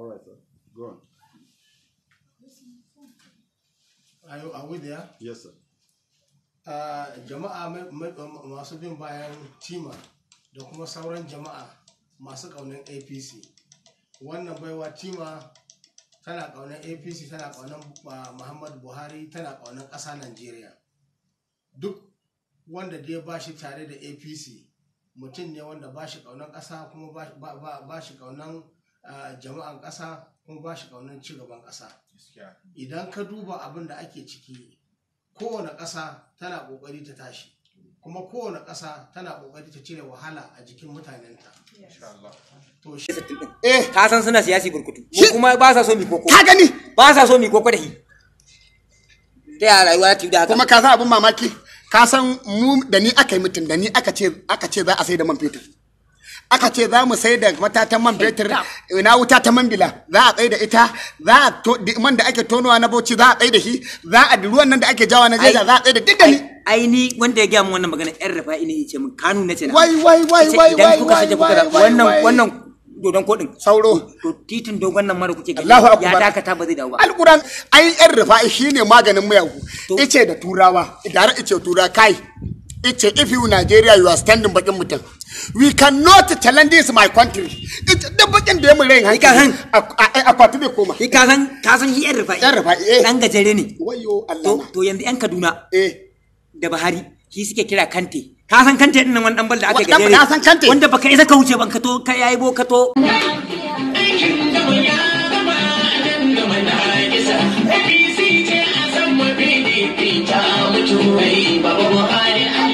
All right, sir. Go on. Are, are we there? Yes, sir. Uh, jama'a masu bin bayan tima da kuma sauran jama'a masu kaunin apc wannan baiwa tima tana kaunin apc tana kaunin uh, muhammadu buhari tana kaunin ƙasa najeriya duk wanda dai ba shi tare da apc mutum ne wanda ba shi kaunin ƙasa kuma ba shi kaunin jama'an ƙasa kuma ba shi ƙaunar ci gaban ƙasa idan ka duba abin da ake ciki kowane ƙasa tana ƙoƙari ta tashi kuma kowane ƙasa tana ƙoƙari ta cire wahala a jikin mutanenta. To shi eh. ka san suna siyasi burkutu kuma ba sa so mi koko. Ka gani ba sa so mi koko da shi. Ta ya rayuwa ta da kuma ka san abin mamaki ka san mu da ni aka yi mutum da ni aka ce aka ce za a sai da man fetur. aka ce za mu sai da matatan man fetur na wuta ta man bila za a tsaye da ita za a man da ake tonowa na bauchi za a tsaye da shi za a ruwan nan da ake jawa na jeja za a tsaye da duk da ni ai ni wanda ya gaya min wannan magana yar rafa'i ne yace min kanu ne ce na wai wai wai wai wai wai da, wannan wannan dodon kodin sauro to titin dogon nan mara kuke gani ya dakata ba zai dawo ba alquran ai yar rafa'i shine maganin muyagu ice da turawa idan ice turawa kai It's a, if you Nigeria, you are standing back in mutum. We cannot challenge this my country. It's the bakin da ya mu rai i A kwatu koma. ka san ka san shi yan rufa'i. Yan eh. Dan gajere ne. Wayo Allah. To yanzu yan Kaduna. Eh. Da Buhari shi suke kira Kante. Ka san Kante din nan wani dan da aka gajere. Ka san Kante. Wanda baka isa ka wuce ban to ka yayi bo ka to. Baba Buhari